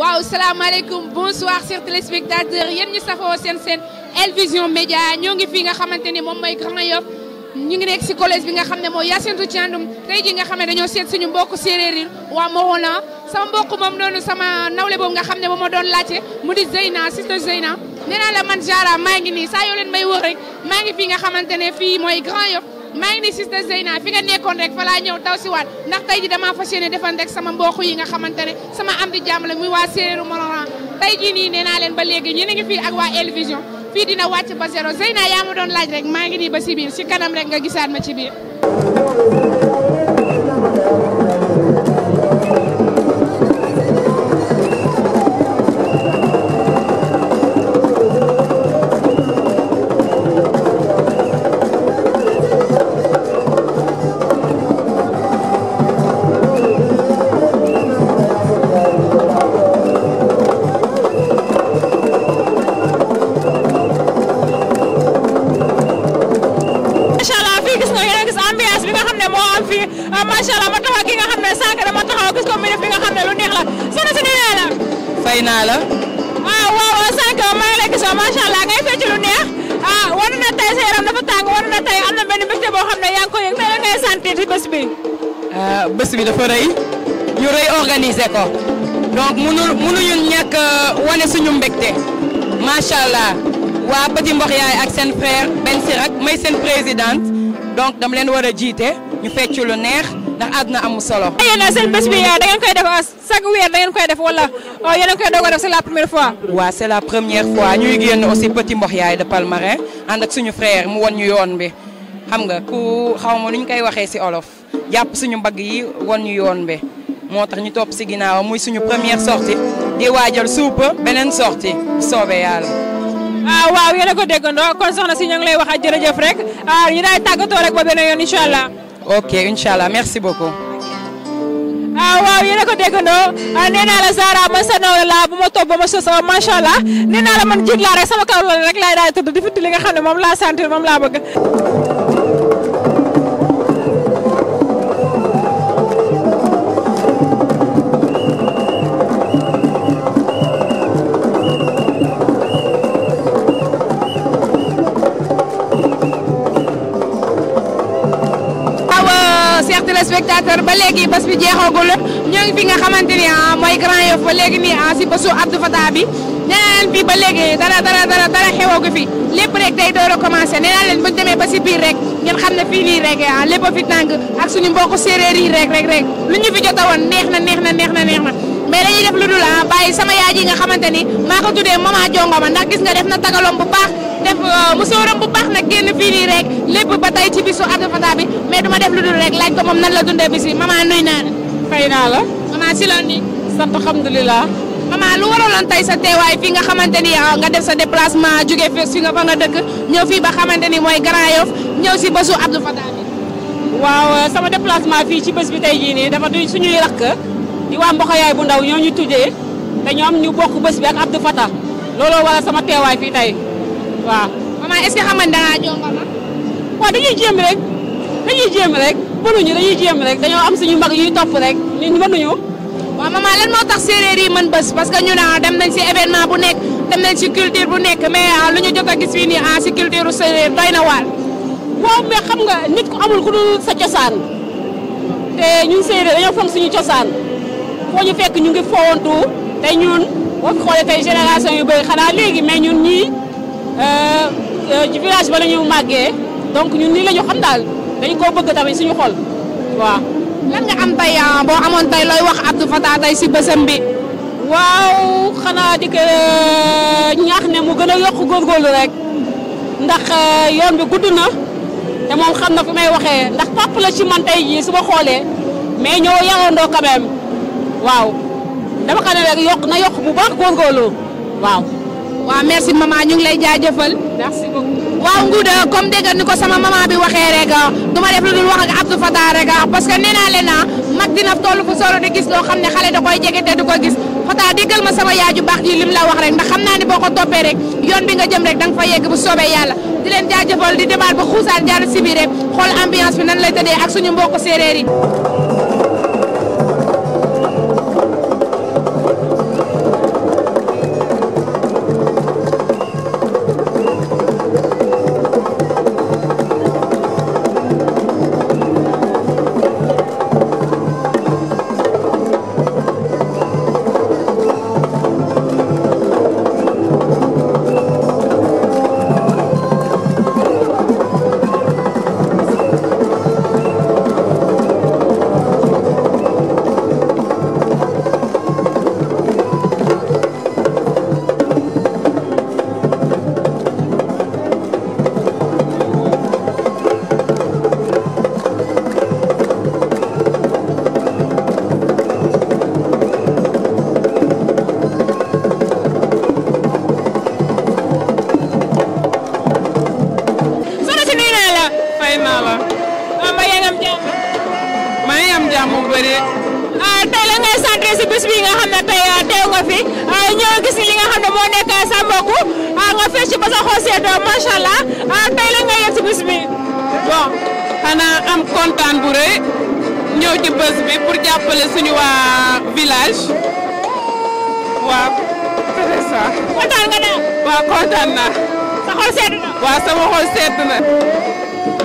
waaw salaamaaleykum bonsoir chers téléspectateurs yéen ñi safoo seen seen El Vision Média ñoo ngi fii nga xamante ni moom mooy Grand Yoff ñu ngi nekk si collège bi nga xam ne mooy Yacinthu Thiandoum tey ji nga xam ne dañoo seet suñu mbokk séeréer yi waa Mawona sama mbokk moom doonu sama nawle boobu nga xam ne moo ma doon laajte mu di Zeyna sister Zeyna nee naa la man maa ngi nii sa yoo leen may wër maa ngi fii nga xamante ne fii mooy Grand Yoff maa ngi ni sister Zeyna fi nga nekkoon rek fa laa ñëw daw si waat ndax tey ji damaa fas defan rek sama mbokk yi nga xamante ne sama am di jàmm la muy waa séeréeru Morolan tey jii nii nee naa leen ba léegi ñu ngi fii ak waa El fii dina wàcc ba zéro yaa ma doon laaj rek maa ngi nii ba si biir si kanam rek nga gisaat ma ci biir naa la. ah waaw waaw sànq maa ngi lay gis macha allah ngay fecc lu neex ah wane yaram dafa tàng wane na am na benn mbégte boo xam ne yaa yëg mais lan ngay sentir ci bés bi. Ah, bés bi dafa rëy ñu rëy organiser ko donc munul munuñu ñàkk euh, wane suñu mbégte macha allah waa Petit Mbox yaay ak seen frère Ben Sirak may seen présidente donc dam leen war a jiite ñu fecc lu neex. ndax àdduna amul solo. yéen seen bés bi da ngeen koy def ah, chaque weer da ngeen koy def wala ah, yéen a koy doog a def c' la première fois. waaw c' la première fois ñu yoon bi xam nga ku xaw ma nu ñu koy waxee si olof jàpp suñu mbagg yi won ñu yoon bi moo tax ñu topp si ginnaaw muy suñu première sortie di waajal suupa beneen sortie soobee yàlla. ah waaw yéen a ko déggandoo kon soxna si ñoo lay wax a ah, jërëjëf rek ñu daay tàggatoo rek ba beneen yoon incha allah. ok incha allah merci beaucoup. ah waaw yéen a ko déggandoo ah, nee naa la Zara man sa nawle la bu ma toog ba ma sos ah, macha nee naa la man jiit laa rek sama kaw la rek laay daal di di futti li nga xam ne moom laa sentir moom laa bëgg. téléspectateurs ba légui bas bi jéxogul ñoo ngi fi nga xamanteni ah moy Grand Yoff ba ni ah ci bésu Abdou Fatah bi ñaan bi ba légui dara dara dara dara xewagu fi lépp rek day do a commencé nee buñ démé ba ci rek ngeen xamné ah, fi ni rek lépp fi tang ak suñu mbokk séréer yi rek rek rek lu ñu fi jotta won neex na neex na neex na neex na mais dañuy def luddul ah sama yaji nga xamanteni mako maa ko tuddee mama jongoma ndax gis nga def na tagalom bu baax def euh, musoram bu baax nag genn fi ni rek lépp ba tay ci bisu adu fata bi mais duma lu dul rek laaj ko moom nan la dundee bis bi maman nuy naa la. la. maman si la ni. sant alhamdulilah. maman lu waraloon tey sa teewaay fii nga xamante ni ah, nga def sa déplacement jóge fi nga fa nga dëkk ñëw fii ba xamante ni mooy Grand Yoff ñëw si bésu Abdou Fatah waaw euh, sama déplacement fii ci bés bi tey jii nii dafa duñ suñuy rakk di waa Mboxoyaay bu ndaw ñoo ñu tuddee te ñoom ñu bokk bés bi ak Abdou Fatah looloo waral sama teewaay fii tey waaw. maman est-ce que xam nga dangaa jongo ma. dañuy jéem rek. dañuy jéem rek mënuñu dañuy jéem rek dañoo am suñu mag ñu topp rek ñun mënuñu. waaw maman lan moo tax séeréer yi mën parce que ñu ne ah, dem nañ si événement bu nekk dem nañ si culture bu nekk mais ah, lu ñu jot a gis fii nii ah si culture séeréer doy na waar. xam nga nit ku amul cosaan suñu cosaan foo ñu fekk ñu ngi fowantu te ñun boo fi xoolee tey génération yu bëri xanaa léegi mais ñun ñii euh, euh, ci ba la ñu màggee donc ñun nii la ñu xam daal. dañ koo bëgg tamit suñu xol waaw. lan nga am tey ah, boo amoon tey looy wax Abdou Fatah tey si bësam bi. waaw xanaa di ko euh, ne mu gën a yokk góorgóorlu rek ndax euh, yoon bi gudd na te moom xam na fi may waxee ndax papa la ci man tey jii su ma xoolee mais ñoo yaroondoo quand même waaw dama xam rek yokk na yokk bu baax góorgóorlu waaw. waaw merci maman ñu ngi lay jaajëfal. merci beaucoup. waaw Ngouda comme déggal ni ko sama maman bi waxee rek du ma def lu dul wax ak Abdou Fatah rek parce que nee mag dina toll fu solo di gis loo xam ne xale da koy jege te du ko gis Fatah déggal ma sama yaaju baax ji lim la wax rek ndax xam naa ni boo ko toppee rek yoon bi nga jëm rek danga fa yegg bu soobee yàlla di leen jaajëfal di demaat ba xuusaan jàll si biir rek xool ambiance bi nan lay tëddee ak suñu mbokk séeréer yi. ñëwee si bés bi nga xam ne tey ah, teew nga fi ah, ñëw gis li nga xam ne moo nekk Sambaku ah, nga fecc ba sa xol seetoo macha allah tey la nga yegg si bés bi. bon xanaa am kontaan bu rëy ñëw ci bés bi pour jàppale suñu waa village waaw. c'est ça. kontaan nga daal. waaw kontaan naa. sa xol seet na. waaw sama xol seet na.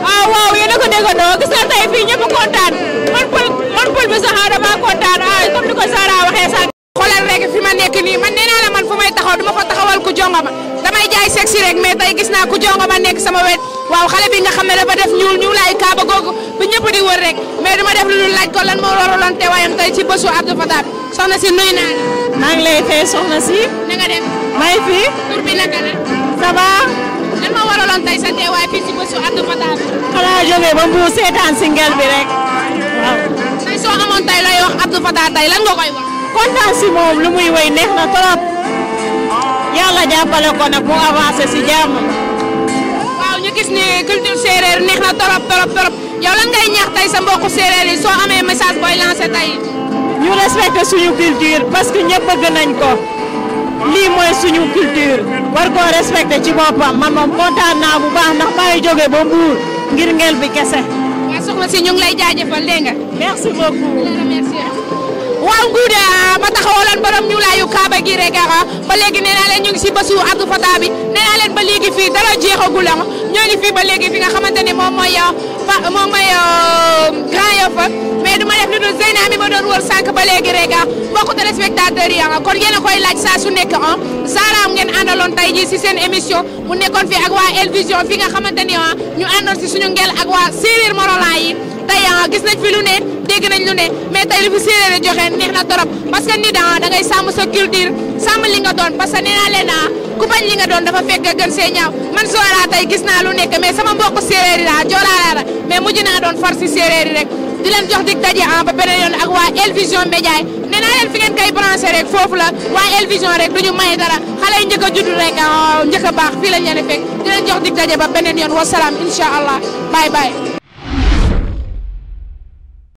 ah waaw yéen a ko déggoo gis nga tey fii ñëpp kontaan man man Paul Moussa Khada maa ay comme ni ko Zara waxee sànq. rek fi ma nekk nii man nee la man fu taxaw duma fa taxawal ku jongoma damay jaay sexy rek mais tey gis naa ku jongoma sama wet waaw xale bi nga xam ne dafa def ñuul ñuulaay kaaba googu bu ñëpp di wër rek mais dama def lu laaj ko lan moo waraloon teewaayam tey ci bésu Abdou Fatah soxna si nuyu naa la. ngi lay fay soxna si. nga def. maa fi. tur bi naka la. ça va. lan moo sa ci Abdou ba mu single bi rek. tey soo amoon tey lay wax Abdou Fatah tey lan nga koy wax. kontaan si moom lu muy wéy neex na trop yàlla jàppale ko nag mu avancé si jàmm. waaw ñu gis ne culture séeréer neex na trop trop trop yow lan ngay ñaax tey sa mbokku séeréer yi soo amee message booy lancé tey. ñu respecté suñu culture parce que ñëpp bëgg nañ ko lii mooy suñu culture war koo respecté ci boppam man moom kontaan naa bu baax ndax maa ngi ba mbuur ngir ngel bi kese. soxna si ñu ngi lay jaajëfal dégg nga. merci waaw nguude ma taxawaloon borom ñu laayu kaaba gi rek ah. ba léegi nee leen ñu ngi si bésu Abdou Fatah bi nee leen ba léegi fii dara jeexagul ah. ñoo ngi fii ba léegi fi nga xamante moom mooy ah, moom mooy Grand mais du ma def lu dul Zeyna mi ma doon wër sànq ba léegi rek mbokku téléspectateurs yi kon yéen koy laaj saa su nekk ah saaraam ngeen àndaloon tey jii si seen émission mu nekkoon fii ak waa El fi nga xamante ne ñu si suñu ngel ak gis nañ fi lu ne dégg nañ lu ne mais tay li fi séeréer joxe neex na torop parce que ni da da ngay sam sa culture sam li nga doon parce que nee naa leen ah, ku bañ li nga doon dafa fekk gën sé ñaaw man Zora tay gis na lu nekk mais sama mbokk séeréer yi laa joolaa laa la mais mujj naa doon far si séeréer yi rek di len jox dig daje en ah ba benen yon ak wa elvision Vision Médias nee naa fi ngeen kay branché rek fofu la wa elvision rek duñu may dara xalé yi judd rek ah, njëkk baax fii lañ fekk di len jox dig daje ba benen yon wasalaam incha bye bye